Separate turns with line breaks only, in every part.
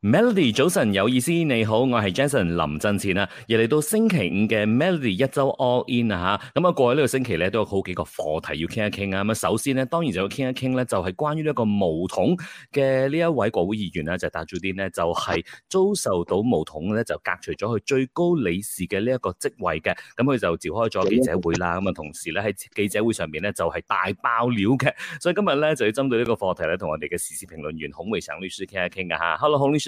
Melody 早晨有意思，你好，我係 Jason 林振前啊，又嚟到星期五嘅 Melody 一周 All In 啊吓，咁、嗯、啊過去呢個星期咧都有好幾個課題要傾一傾啊。咁、嗯、啊首先咧，當然就要傾一傾咧，就係、是、關於呢一個巫統嘅呢一位國會議員咧，就達祖丁咧，就係、是、遭受到巫統咧就革除咗佢最高理事嘅呢一個職位嘅。咁、嗯、佢就召開咗記者會啦。咁、嗯、啊同時咧喺記者會上面咧就係大爆料嘅。所以今日咧就要針對這個課呢個課題咧同我哋嘅時事評論員孔維祥律師傾一傾嘅吓。Hello，孔律師。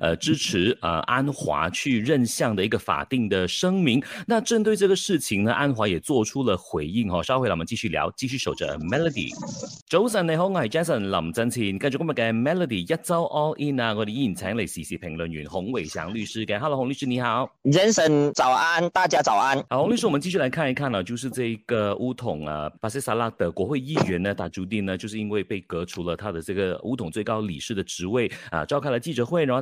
呃，支持呃安華去任相的一個法定的聲明。 那針對這個事情呢，安華也做出了回應哈。稍後我們繼續聊。繼續守着 Melody，早晨你好，我係 Jason 林振前。跟住今日嘅 Melody 一周 All In 啊，我哋依然請嚟時事評論員洪偉祥律師嘅。 Hello，洪律師你好，Jason 早安，大家早安。 好，洪律師，我們繼續來看一看了、啊，就是這個巫統啊，巴西薩拉的國會議員呢，達祖丁呢，就是因為被革除了他的這個巫統最高理事的職位啊，召開了記者會，然後。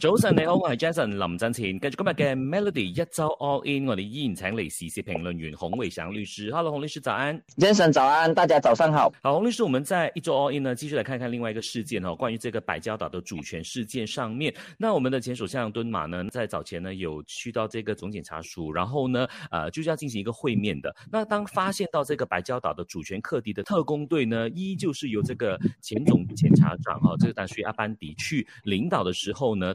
周晨，你好，我係 Jason 林振晴。跟住今日嘅 Melody 一周 All In，我哋依然請嚟 CC 評論員孔偉祥律師。Hello，孔律師早安。Jason 早安，大家早上好。好，洪律師，我們在一周 All In 呢，繼續來看看另外一個事件哦，關於這個百礁島的主權事件上面。那我們的前首相敦馬呢，在早前呢有去到這個總檢察署，然後呢，呃，就是要進行一個會面的。那當發現到這個百礁島的主權克敵的特工隊呢，依舊是由這個前總檢察長哈，這個丹瑞阿班迪去領導的時候呢，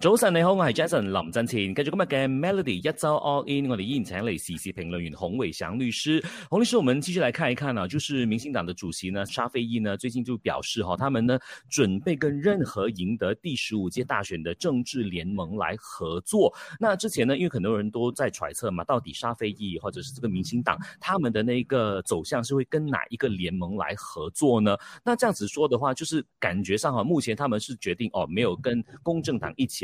周三你好，我係 Jason 林振，繼續今日嘅 Melody 一周 All In，我哋依然請嚟時事評論員洪偉祥律師。洪律師，我們繼續來看一看啦，啊，就是民興黨的主席呢，沙菲益呢，最近就表示哈，啊，他們呢，準備跟任何贏得第十五屆大選的政治聯盟來合作。那之前呢，因為很多人都在揣測嘛，到底沙菲益或者是這個民興黨，他們的那個走向是會跟哪一個聯盟來合作呢？那這樣子說的話，就是感覺上哈，啊，目前他們是決定哦，沒有跟公正黨一起。